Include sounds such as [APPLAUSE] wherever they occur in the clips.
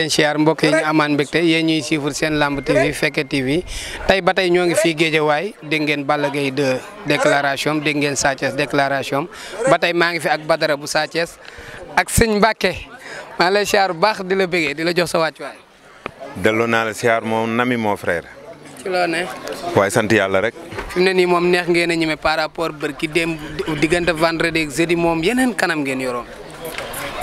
leen siyaar mbokk yi ñu amaan mbégte yéen ñuy suivre seen lamb TV Fekke TV tey ba tey ñoo ngi fii waay dégg ngeen Balla Gaye 2 déclaration dégg ngeen Sa Thiès déclaration ba tey maa ngi fi ak Badara bu Sa ak sëñ Mbàkke maa lay siyaar bu baax di la bëggee di la jox sa wàcc wàccuwaay. delloo naa la siyaar moom nami moo frère. ci loo ne. waaye sant yàlla rek. fi mu ne nii moom neex ngeen a par rapport bër ki démb diggante vendredi ak jeudi moom yeneen kanam ngeen yoroon.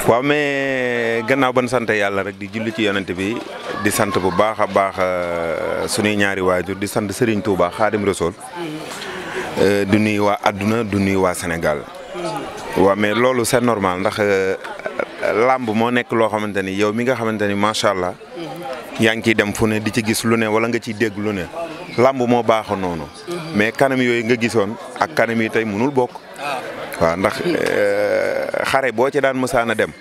waaw mais gannaaw ban sant yàlla rek di julli ci yonent bi di sant bu baax a baax euh, suñuy ñaari waajur di sant Serigne Touba Xaadim Rasool euh, du nuy waa adduna du nuy waa Sénégal waa mais loolu c'est normal ndax euh, làmb moo nekk loo xamante ni yow mi nga xamante ni macha allah yaa ngi ciy dem fu ne di ci gis lu ne wala nga ciy dégg lu ne làmb moo baaxoo noonu mais kanam yooyu nga gisoon ak kanam yi tey mënul bokk ah. waaw ndax xare boo ci daan mësaan a dem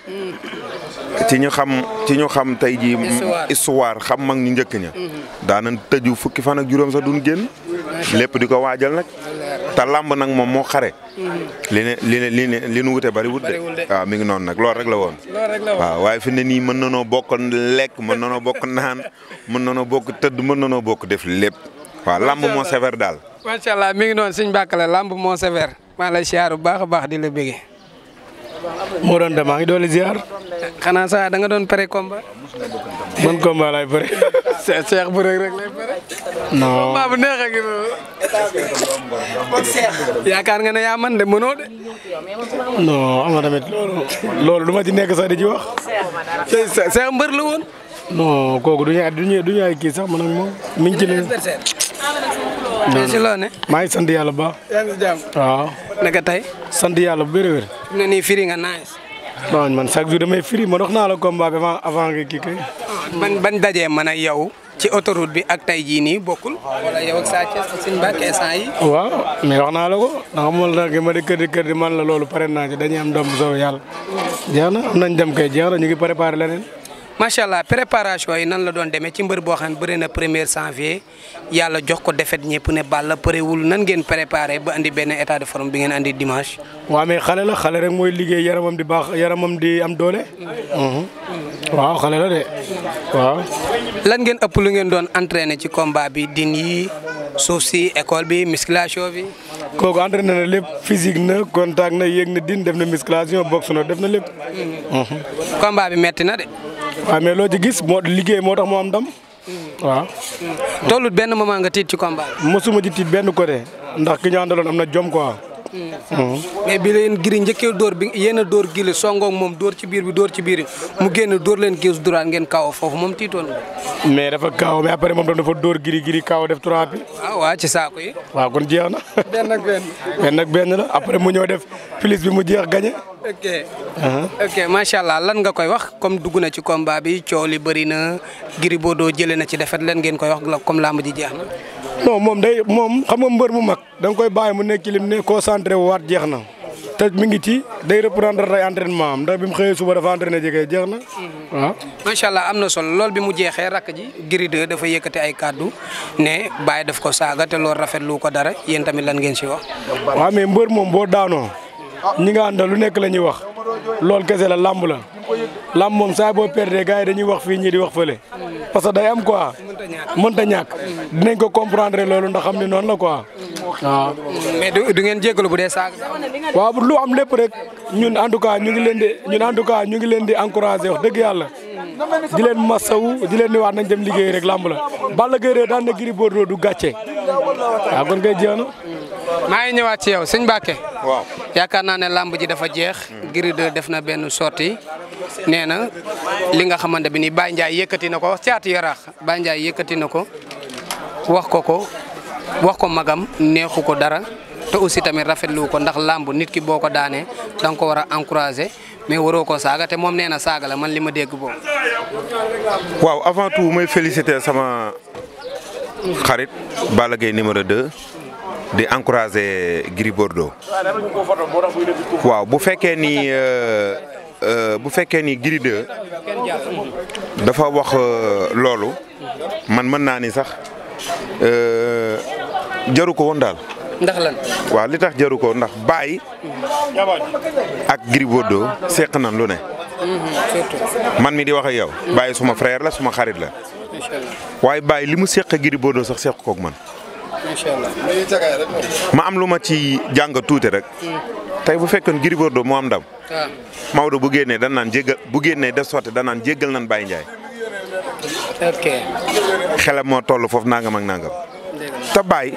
ci ñu xam ci ñu xam tey ji histoire xam mag ñu njëkk ña mhm. daanan tëju fukki fan ak juróom sax duñ génn lépp di ko waajal nag te làmb nag moom moo xare mhm. li ne li ne li ne li nu wute bariwul de waaw mi ngi noonu nag loolu rek la woon waaw waaye fi ne nii mën nanoo bokk lek mën nanoo bokk naan mën nanoo bokk tëdd mën nanoo bokk def lépp waaw làmb moo sévère daal macha allah mi ngi noonu làmb moo sévère maa lay siyaar baax baax di la bëggee moo doon de ngi doon ziar. xanaa saa da nga doon pare combat. man combat laay pare. [LAUGHS] seex bu rek rek lay pare. non combat bu neex ak yaakaar nga ne yaa man de mënoo de. non am na tamit loolu. loolu ci nekk sax di ci wax. seex mbër la woon. non kooku du ñu du ñu du ñu ay kii sax man ak moom. mi ngi ci non si ne. maa ngi sant yàlla ba baax. yaa ngi si waaw. naka tey. sant yàlla bu wér-wér. fi mu ne firi nga nice. man chaque jour damay firi ma dox naa la combat bi avant avant nga kii ban ah, ban daje man ak yow. ci autoroute bi ak tey jii nii bokkul. wala yow ak Sa Thiès waaw mais wax naa la ko ndax moom la nga ma di kër di man la loolu pare naa dañu dañuy am doom bu soobee yàlla. Mm. jeex na am nañ dem kay jeex na ñu ngi préparé leneen. macha allah préparation yi nan la doon demee ci mbër boo xam ne bëri na premier janvier yàlla jox ko defet ñëpp ne Balla parewul nan ngeen préparé ba indi benn état de forme bi ngeen andi dimanche. waaw mais xale la xale rek mooy liggéey yaramam di baax yaramam di am doole. Mhm. waaw xale la de waaw. lan ngeen ëpp lu ngeen doon entraîné ci combat bi din yi suuf si école bi musculation bi. kooku entraîné na lépp physique na contact na yéeg na din def na musculation boxe na def na lépp. Mhm. combat bi metti na waaw mais loo ci gis moo liggéey moo tax moo am ndam. waaw. tollut benn moment nga tiit ci combat bi. mosuma ci tiit benn côté ndax ki ñu àndaloon am na jom ko mm. mm. mais bi leen giri njëkkee door bi yéen door dóor gili moom door ci biir bi door ci biir mu génn dóor leen gis duraan ngeen kaaw foofu moom tiitoon na. mais dafa kaaw après moom tam dafa dóor giri giri kaaw def trois bi. waaw ah, waaw ci yi. waaw jeex na. benn ak benn. [LAUGHS] benn benn la après mu ñëw def plus bi mu jeex gagné. ok. ok allah lan nga koy wax comme dugg na ci combat bi coow li bëri na Gris Bordeaux jëlee na ci dafet lan ngeen koy wax comme làmb ji jeex na. non moom day moom xam nga mbër mu mag danga koy bàyyi mu nekk ci lim ne concentré wu waat jeex na. te mu ngi ci day reprendre ay entraînement am ndax bi mu xëyee suba dafa entraîné jege jeex na. waaw mhm. ah. macha allah am na sol lool bi mu jeexee rakk ji Gris 2 dafa yëkkati ay kàddu ne bàyyi daf ko saaga te loolu rafetlu ko dara yéen tamit lan ngeen si wax. waaw mais mbër moom ñi nga àndal lu nekk la ñuy wax loolu kese la làmb la làmb moom saa boo perdee gars yi dañuy wax fii ñii di wax fële parce que day am quoi mënta ñàkk dinañ ko comprendre loolu ndax xam ne noonu la ko waaw. mais du ngeen jégalu bu dee saag. waaw lu am lépp rek ñun en tout cas ñu ngi leen di ñun en tout cas ñu ngi leen di encouragé wax dëgg yàlla di leen masawu di leen di wax nañ dem liggéey rek làmb la Balla Gaye daan na Gris du gàcce waaw kon kay jeex maa ngi ñëwaat ci yow sëñ Mbacke. waaw yaakaar naa ne làmb ji dafa jeex. Gris 2 def na benn sortie nee na li nga xamante bi ni Baye Ndiaye yëkkati na ko caatu yaraax Baye Ndiaye na ko wax ko ko wax ko magam neexu ko dara te aussi tamit rafetlu ko ndax làmb nit ki boo ko daanee danga ko war a encourager mais waroo ko saaga te moom nee na saaga la man li ma dégg boo waaw avant tout may féliciter sama xarit Balla Gaye numéro 2. di encourager Gris Bordeaux. Ah, waaw bu fekkee ni euh, euh, bu fekkee ni Gris dafa wax euh, loolu man man naa ni sax jaru ko woon daal. ndax lan. waaw li tax jaru ko ndax Baye. ak Gris Bordeaux seq nan lu ne. Mm-hmm, man mi di wax yow. Baye suma frère la suma xarit la. waaye Baye li mu seq Gris Bordeaux sax seq kook man. incha ma am lu ma ci jàng tuuti rek. tey bu fekkee Gris Bordeaux moo am ndam. waaw ah. da bu génnee dan naan jéggal bu génnee def sotti dan naan jéggal nan Baye Ndiaye. ok. moo toll foofu nangam ak nangam. te baay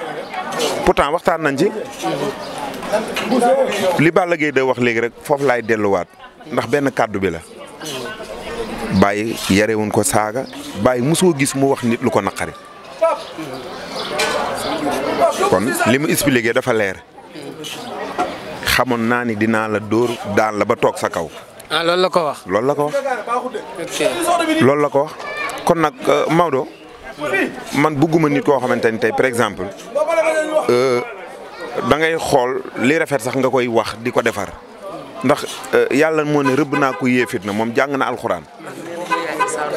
pourtant waxtaan nañ ci. li Balla Gaye da wax léegi rek foofu laay delluwaat ndax benn kàddu bi la. Baye yarewuñ ko saaga baay mosoo gis mu wax nit lu ko naqari. kon li mu expliqué dafa leer xamoon naa ni dinaa la dóor daan la ba toog sa kaw. ah la ko wax. loolu la ko wax. loolu la ko kon nag euh, Maodo man bugguma nit koo xamante ni tey par exemple euh, da ngay xool li rafet sax nga koy wax di ko defar ndax euh, yàlla moo ne rëbb naa ko yéefit na moom jàng na alxuraan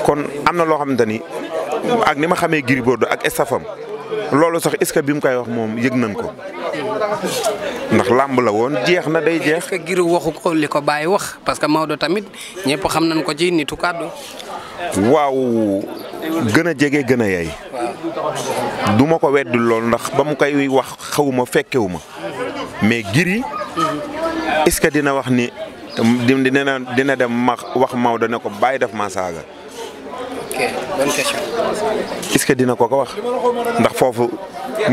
kon am na loo xamante ni ak ni ma xamee Gris Bordeaux ak estafam loolu sax est-ce que bi mu koy wax moom yëg nañ ko ndax làmb la woon jeex na day jeex. est-ce waxu ko li ko bàyyi wax parce que Maodo tamit ñëpp xam nañ ko ci nitu kàddu. waaw gën a jege gën a yay duma ko weddul loolu ndax ba mu koy wax xawuma fekkewu ma mais Gris mhm. est-ce que dina wax ni dina dina dem ma wax Maodo ne ko bàyyi daf ma saaga. ok dina ko ko wax ndax foofu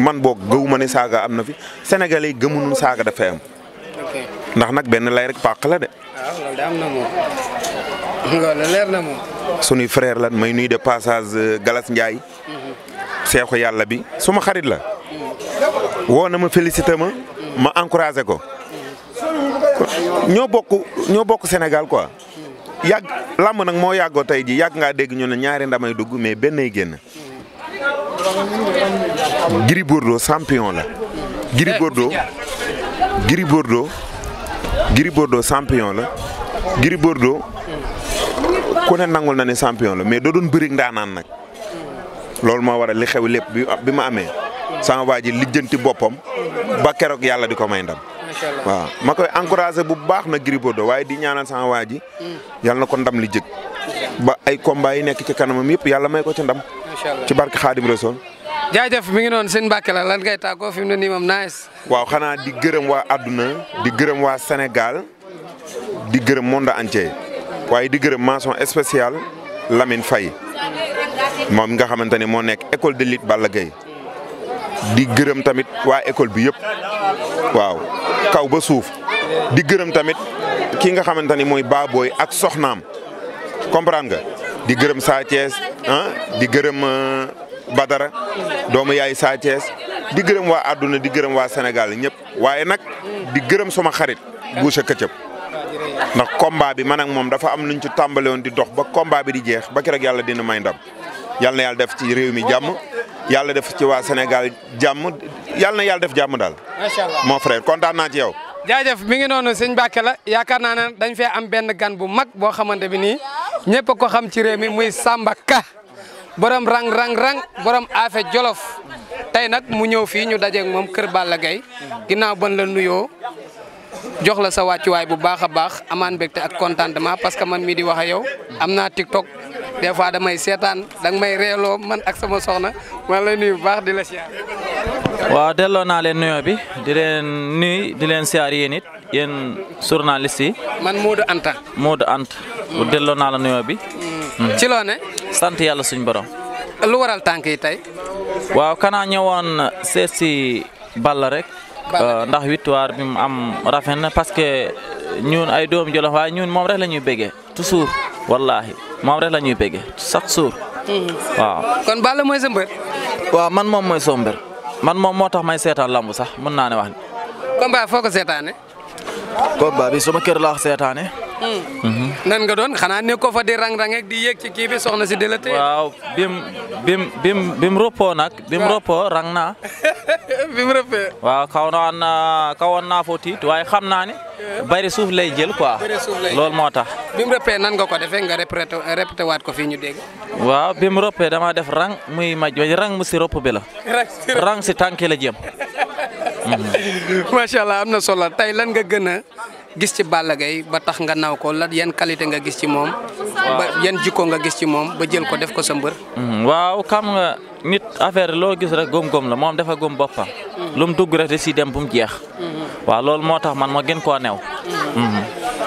man boog gëwuma ne saaga am na fi sénégalais yi gëmuñu saaga dafay am. ndax nag benn lay rek pàq la de. waaw ah, loolu de am na leer na moom. sunuy lan may nuy de passage euh, Galas Ndiaye. Mhm. seexu yàlla bi suma xarit la. woo na ma félicité ma. ma encouragé ko. Mhm. ñoo bokk ñoo bokk Sénégal quoi. yàgg làmb nag moo yàggoo tey ji yàgg ngaa dégg ñu ne ñaari ndamay dugg mais benn ay génn. Gris Bordeaux champion la. Gris Bordeaux Gris Bordeaux Gris Bordeaux la. Gris Bordeaux ku ne nangul na ne champion la mais doo doon bëri ndaanaan nag. loolu moo waral li xew lépp bi bi ma amee. sama waa ji lijjanti boppam. ba keroog yàlla di ko may ndam. waaw ma koy encouragé bu baax na Gris Bordeaux waaye di ñaanal sama waa ji hmm. yàlla na ko ndam li jëg ba ay combat yi nekk ci kanamam yëpp yàlla may ko ci ndam ci barke Xaadim Rasul jaajaf mi ngi noonu seen Mbacke la lan kay tàggoo fi mu ne nii moom nice waaw xanaa di gërëm waa àdduna di gërëm waa Sénégal di gërëm monde entier waaye di gërëm mention spéciale Lamine fay moom nga xamante ne moo nekk école de lutte Balla Gaye di gërëm tamit waa école bi yëpp waaw kaw ba suuf di gërëm tamit ki nga xamante ni mooy baabooy ak soxnaam comprendre nga di gërëm Sa ah, di gërëm euh, Badara doomu yaay Sa di gërëm waa àdduna di gërëm waa Sénégal ñëpp waaye nag di gërëm suma xarit Boucher Këcëb ndax combat bi man moom dafa am luñ ci tàmbale woon di dox ba combat bi di jeex ba keroog yàlla dina may ndam yàlla yàlla def ci réew mi jàmm yàlla def ci waa Sénégal jàmm yàlla na yàlla def jàmm daal. macha allah mon frère kontaan naa ci yow. jaajëf mi ngi noonu sëñ Mbacke la yaakaar naa ne dañ fee am benn gan bu mag boo xamante bi nii ñëpp a ko xam ci réew mi muy Samba Ka borom rang rang rang borom Afe Jolof tey nag mu ñëw fii ñu dajeeg moom Kër Balla Gaye ginnaaw ban la nuyoo jox la sa waay bu baax a baax amaan mbégte ak contentement parce que man mii di wax a yow am naa TikTok des fois may seetaan danga may reeloo man ak sama soxna man la nuyu bu baax di la siyaar. waaw delloo naa leen nuyoo bi di leen di leen siyaar yéen it yéen journaliste yi. man Modou Anta. Modou ant bu delloo naa la nuyoo bi. Mm. Mm. ci ne. sant yàlla suñu borom. lu waral tànk yi tey. waaw kanaa ñëwoon seet Balla rek. Euh, ndax victoire bi mu am rafet na parce que ñun ay doomu Jolof waaye ñun moom rek la ñuy bëggee toujours wallaahi moom rek la ñuy bëggee chaque mhm. waaw kon Balla mooy sa waaw man moom mooy soo mbër man moom moo tax may seetaan lamb sax mën naa ne wax. combat foo ko seetaane. combat bi sama kër laa seetaane. Mhm. Mhm. nan nga doon xanaa ne ko fa di rang-rang ak di yéeg ci kii bi soxna si di la téye. waaw bim bim nag. waaw bim roppoo rang naa. [LAUGHS] bim roppee. waaw kaw naa na kawoon naa foo tiit waaye xam naa ne. bari suuf lay jël quoi. bari loolu moo tax. bim roppee nan nga ko defee nga répété répété waat ko fii ñu dégg. waaw bim roppee dama def rang muy maj rang mu si ropp bi la. rang si tànk la jëm. [LAUGHS] Mhm. macha allah am na solo tey lan nga gën gis ci Balla Gaye ba tax nga naw ko la yan qualité nga gis ci moom. ba yan nga gis ci moom ba jël ko def ko sa mbër. Mm-hmm. waaw xam nga nit affaire loo gis rek góom-góom la moom defa góom boppam. Mm-hmm. lu mu dugg rek da si dem bu mu jeex. Mm-hmm. waaw loolu moo tax man ma gën koo new.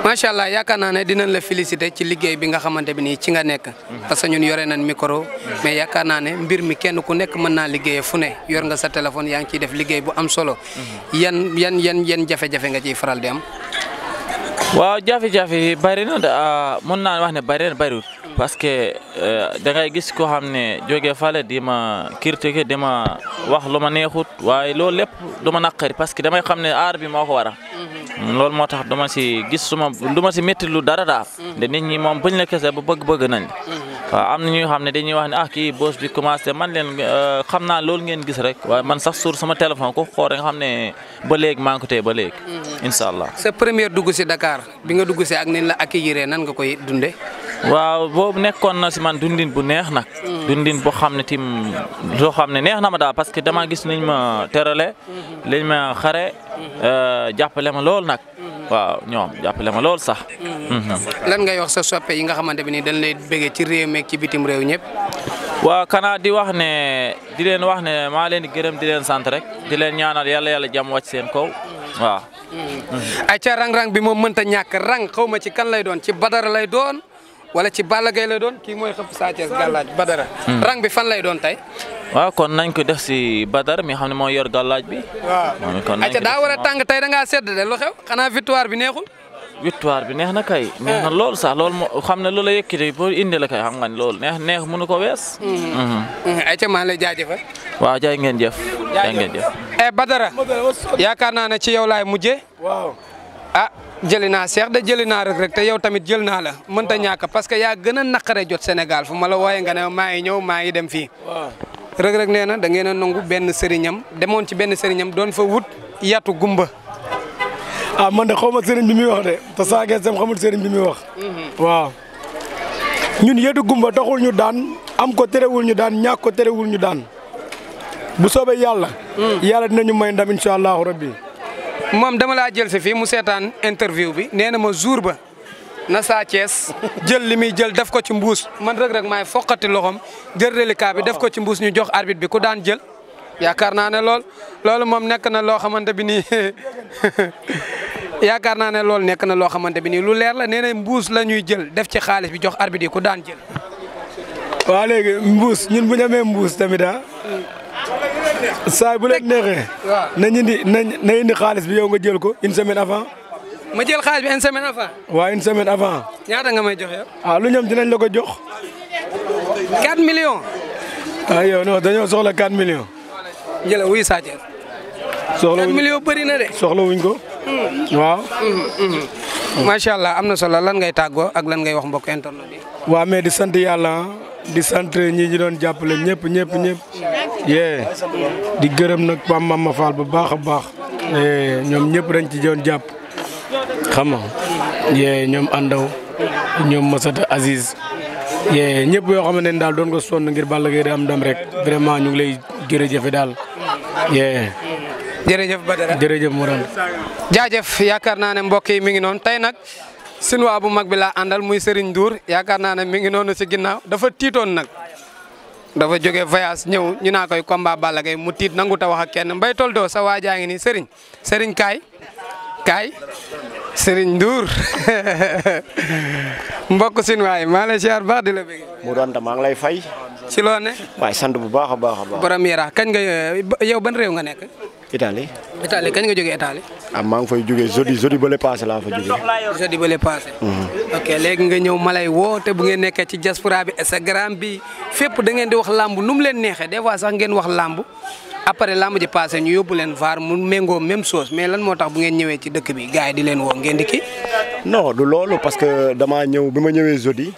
macha allah yaakaar naa ne dinañ la féliciter ci liggéey bi nga xamante bi nii ci nga nekk. parce que ñun yore nañ micro. mais yaakaar naa ne mbir mi kenn ku nekk mën naa liggéeyee fu ne yor nga sa téléphone yaa ngi ciy def liggéey bu am solo. yan yan yan yan jafe nga ciy faral di waaw jafe-jafe yi bëri na ah, mën naa wax ne bëri na bëriwul parce que eh, da ngay gis koo xam ne jóge fale di ma critiquer di ma wax lu ma neexut waaye loolu lépp du ma naqari parce que damay xam ne aar bi moo ko waral mm-hmm. loolu moo tax duma si gis suma duma si métti lu dara daal mm-hmm. de nit ñi moom buñ la kese bu bëgg-bëgg nañ mm-hmm. waaw am na ñuy xam ne dañuy wax ne ah kii boos bi commencé man leen euh, xam naa loolu ngeen gis rek waaye man sax suur sama téléphone ko xool nga xam ne ba léegi maa ngi ba léegi. Mm-hmm. incha allah sa dugg si Dakar bi nga dugg si ak nañ la accueillir nan nga koy dundee. waaw boobu nekkoon na si man dundin bu neex nag. Mm-hmm. dundin boo xam ne tim loo xam ne neex na ma daal parce que dama gis nañ ma terale mm-hmm. liñ ma xare euh, jàppale ma lool nag. waaw ñoom jàppale ma lool sax. Mm-hmm. lan ngay wax sa soppe yi nga xamante bi nii dañ lay bëggee ci réew meeg ci bitim réew ñëpp. waaw kana di wax ne di leen wax ne maa leen di gërëm di leen sant rek di leen ñaanal yàlla yàlla jàmm wàcc seen kaw waaw. Mm-hmm. ayca rang-rang bi moom mënta ñàkk rang xaw ma ci kan lay doon ci Badara lay doon wala ci Balla gay lay doon kii mooy xëpp Sa Thiès gàllaaj Badara. Mm-hmm. rang bi fan lay doon tey. waaw kon nañ ko def si badara mi xam ne moo yor gàllaaj bi. waaw kon nañ ko daa war a tàng tey da ngaa sedd de lu xew xanaa victoire bi neexul. victoire bi neex na kay. neex na lool sax lool moo xam ne loola yëkkati boo indi la kay xam nga ne loolu neex neex mënu ko wees. Mm-hmm. Mm-hmm. Mm-hmm. ayca maa ngi lay jaajëfal. waa jaay ngeen jëf. jaay ngeen eh, Badara yaakaar naa ne ci yow laay mujjee. waaw ah jëli naa Cheikh de jëli naa rek rek te yow tamit jël naa la mënta ñàkk parce que yaa gën a naqare jot Sénégal fu mala la wooyee nga ne maa ngi ñëw maa ngi dem fii. Reug rek nee na da ngeen a nangu benn sëriñam demoon ci benn sëriñam doon fa wut yatu gumba. ah man de xaw ma sëriñ bi muy wax de te saa gees dem xamul sëriñ bi muy wax. Mhm. waaw ñun yatu gumba taxul ñu daan am ko terewul ñu daan ñàkk ko terewul ñu daan bu soobee yàlla. Mm. yàlla dinañu may ndam incha allahu rabbi. moom dama laa jël si fii mu seetaan interview bi nee na ma jour ba na saa Thiès jël li muy jël def ko ci mbuus man Reug Reug maay foqati loxom jël reliquat bi def ko ci mbuus ñu jox arbitre bi ku daan jël yaakaar naa ne lool loolu moom nekk na loo xamante bi nii [LAUGHS] yaakaar naa ne loolu nekk na loo xamante bi nii lu leer la nee na mbuus la ñuy jël def ci xaalis bi jox arbitre yi ku daan jël waaw léegi mbuus ñun bu ñu mbuus tamit ah saay bu leen neexee na ñu indi na indi xaalis bi yow nga jël ko une semaine avant ma jël xaalis bi une semaine avant. waaw une semaine avant. ñaata nga may jox yow. Ah, lu ñoom dinañ la ko jox. 4 millions. ah yow non dañoo soxla 4 million jëla wuy Sa Thiès. soxla wuñ na de. ko. Hmm. waaw. Hmm, hmm. macha allah am na solo lan ngay tàggoo ak lan ngay wax mbokk internet bi. waa mais di sant yàlla di sant ñi ñu doon jàppale ñëpp ñëpp ñëpp. yee di gërëm nag Pam Mama Fall bu baax a baax. Eh, ñoom ñëpp dañ ci doon jàpp. xam yee ñoom Andaw ñoom Masata Aziz yee ñëpp yoo xamante ne daal doon ko sonn ngir Balla Gaye am ndam rek vraiment ñu ngi lay jërëjëfe daal yee. jërëjëf Badara jërëjëf Mourane. jaajëf yaakaar naa ne mbokk yi mi ngi noonu tey nag sinuwaa bu mag bi laa àndal muy Serigne Ndour yaakaar naa ne mi ngi noonu si ginnaaw dafa tiitoon nag. dafa jóge voyage ñëw ñu naa koy combat Balla kay mu tiit nangu ta wax ak kenn mbay tol doo sa waajaa ngi nii Serigne Serigne kaay kaay Serigne Ndour [LAUGHS] mbokk sin waay maa lay siyaar baax di la bëgg. mu doon maa ngi lay fay. si loo ne. waay sant bu baax a baax a baax. borom Yarax kañ nga yow ban réew nga nekk. Italie. Italie kañ nga jógee Italie. ah maa ngi fay jógee jeudi jeudi bële paase laa fa jógee. jeudi bële paase. Mhm. ok nga ñëw ma lay woo te bu ngeen nekkee ci diaspora bi Instagram bi fépp da ngeen di wax lamb nu leen neexee des fois sax ngeen wax lamb après làmb ji passé ñu yóbbu leen vaar mu méngoo même chose mais lan moo tax bu ngeen ñëwee ci dëkk bi gars yi di leen woo ngeen di kii. non du loolu parce que damaa ñëw bi ma ñëwee jeudi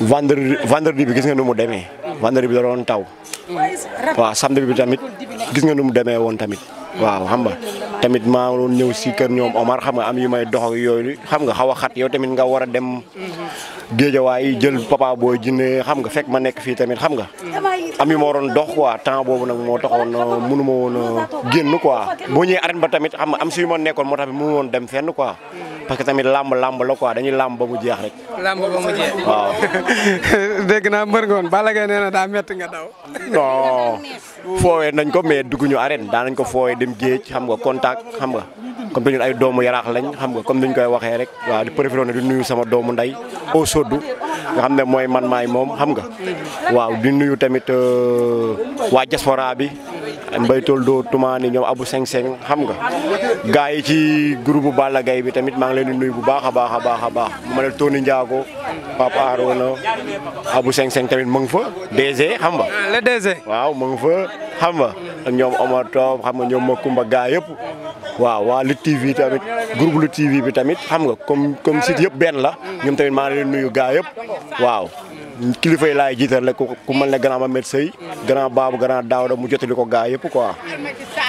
vendredi vendredi bi gis nga nu mu demee. vendredi bi da taw. waa samedi bi tamit gis nga nu mu demee woon tamit. waaw xam nga tamit maa loon ñëw si kër ñoom Omar xam nga am yi may dox yooyu yooyu xam nga xaw a xat yow tamit nga war a dem géejawaay jël papa booy jinne xam nga fekk ma nekk fii tamit xam nga am yu ma waroon dox quoi temps boobu nag moo taxoon euh, mënu ma woon a euh, génn quoi boo ñëwee arène ba tamit xam nga am si yu ma nekkoon moo tax mënu woon dem fenn quoi parce que tamit làmb làmb la quoi dañuy làmb ba mu jeex rek. làmb ba mu waaw. [LAUGHS] dégg naa mbër ngoon Balla Gaye nee daa métti nga daw. non foowee nañ ko mais dugg ñu arène nañ ko foowee dem géej xam nga contact xam nga. comme te ñun ay doomu yaraax lañ xam nga comme ni ñu koy waxee rek waaw di préféré ne di nuyu sama doomu nday o soddu nga xam ne mooy man maay moom xam nga waaw di nuyu tamit euh, waa diaspora bi mbaytool doo tumaani ñoom abu seng xam nga gars yi ci groupe Balla Gaye bi tamit maa ngi leen di nuyu bu baax a baax a baax a baax ma ne Tony Ndiago Papa Arona abu tamit mu ngi fa DG xam nga waaw mu fa xam nga ak ñoom Omar Top xam nga ñoom Makumba gaa yëpp waaw waa Lutte TV tamit groupe Lutte TV bi tamit xam nga comme comme site yëpp benn la ñoom tamit maa ngi leen nuyu gaa yëpp waaw kilifa yi laay jiital rek ku mel ne grand Mamed Seye grand Babou grand Daouda mu jotali ko gaa yëpp quoi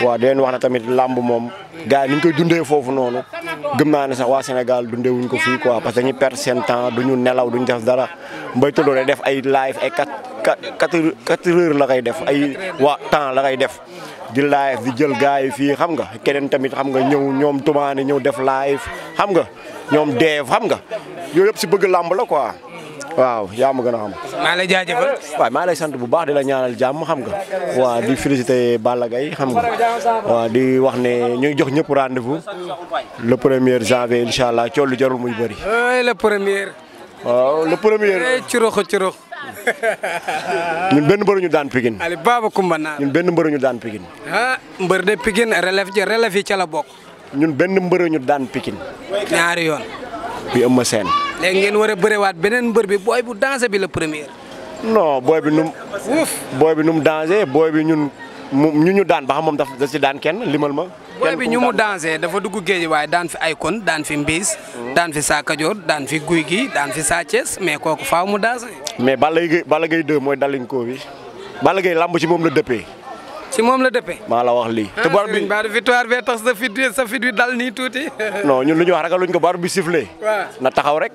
waaw di leen wax na tamit làmb moom gaa yi ni koy dundee foofu noonu gëm naa ne sax waa Sénégal dundee wuñ ko fii quoi parce que dañuy perdre seen temps duñu nelaw duñu def dara mbay tuddoo ay def ay live ay quatre quatre quatre la koy def ay waa temps la koy def di live di jël gars yi fii xam nga keneen tamit xam nga ñëw ñoom tumaane ñëw def live xam nga ñoom deev xam nga yooyu yëpp si bëgg làmb la ko waaw yaa ma gën xam. maa sant bu baax di la ñaanal jàmm xam nga waaw di féliciter Balla Gaye xam nga waaw di wax ne ñu jox ñëpp rendez-vous le premier janvier incha allah jarul muy bëri. le premier. waaw le ñun benn mbër ñu daan Pikine. Ali Baba Kumba naa ñun benn mbër ñu daan Pikine. ah mbër de Pikine relève ci relève yi ca la bokk. ñun benn mbër ñu daan Pikine. ñaari yoon. bi ëmma seen. léegi ngeen war a bëriwaat beneen mbër bi booy bu dansé bila la no booy bi num wuuf booy bi num dansé booy bi ñun mu ñu ñu daan ba xam moom daf da si daan kenn limal ma. booy bi ñu mu dansé dafa dugg géej waaye daan fi Akon daan fi Mbiis. Hmm. daan fi Sa Kajoor daan fi Guy gi daan fi Sa Thiès kooku faaw mu dansé. mais Balla Gaye Balla Gaye 2 mooy daliñ ko bi Balla Gaye lamb ci moom la dëppee. ci moom la dëppee. maa la wax lii. Ah, te bar bi baar victoire bee tax sa fit sa fit dal nii tuuti. [LAUGHS] non ñun lu ñu wax ragaluñ ko bar bi sifflé. le na taxaw rek.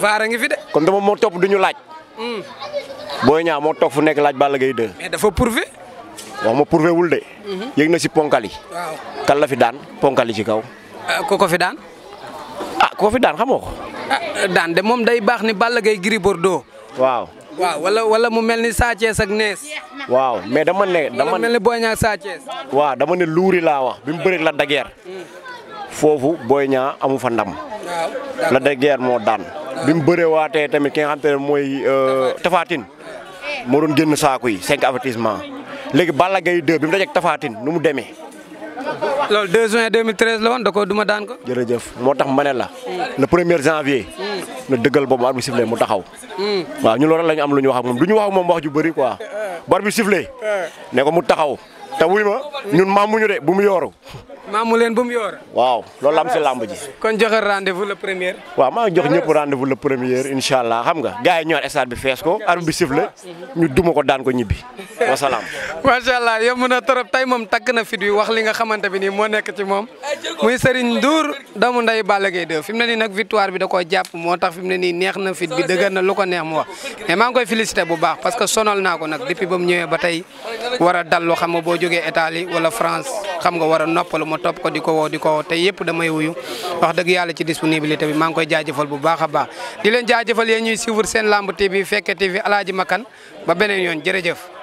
vaara ngi fi de. kon dama moo topp du ñu laaj. Hmm. booy ñaa moo toog fu nekk laaj Balla Gaye 2. mais dafa prouvé. wax ma prouvé wul de. Mhm. yéeg na si ponkal yi. la fi daan ponkal yi ci kaw. Ah, ko ko fi daan. ah ko fi daan xamoo ko. Ah, daan de moom day baax ni Balla Gaye Gris Bordeaux. waaw. waaw wala wala mu mel ni Sa Thiès ak Nees. waaw mais dama ne. dama mel ni booy ñaa Sa Thiès. waaw dama ne luuri laa wax bi mu bëri da dageer. foofu Boy Niang amu fa ndam. la dageer moo daan. bi mu bëree waatee tamit ki xam te mooy euh, Tapha Tine moo doon génn saako yi cinq avertissement. léegi Balla Gaye 2 bi mu dajeeg Tapha nu mu demee. lool 2 juin 2013 la woon da ko duma daan ko. jërëjëf moo tax ma ne la. le premier janvier. na dëggal boobu arbitre siflé mu taxaw. Hmm. waaw ñu loolu lañu am lu ñu wax moom du ñu wax ak moom wax ju bëri quoi eh, eh. bu arbitre siflé eh. ne ko mu taxaw. te wuy ma ñun maamuñu de bu mu yooru. maamu leen bu mu yooru. waaw loolu la am si làmb ji. kon joxe rendez-vous le waaw maa jox ñëpp rendez-vous le premier xam nga gars yi ñëwaat stade bi fees ko arbitre bi siffle ñu duma ko daan ko ñibbi wasalaam. [LAUGHS] macha allah yomb na trop tey moom takk na fit wi wax li nga xamante bi nii moo nekk ci moom muy Serigne Ndour doomu nday Balla Gaye 2 fi ne nii nag victoire bi da jàpp moo tax fi ne nii neex a jógee Italie wala France xam nga war a noppalu ma top ko di ko woo di ko woo te yëpp damay wuyu wax dëgg yàlla ci disponibilité bi maa ngi koy jaajëfal bu baax a baax di leen jaajëfal yéen ñuy suivre seen lamb TV Fekke TV Aladji Makan ba beneen yoon jërëjëf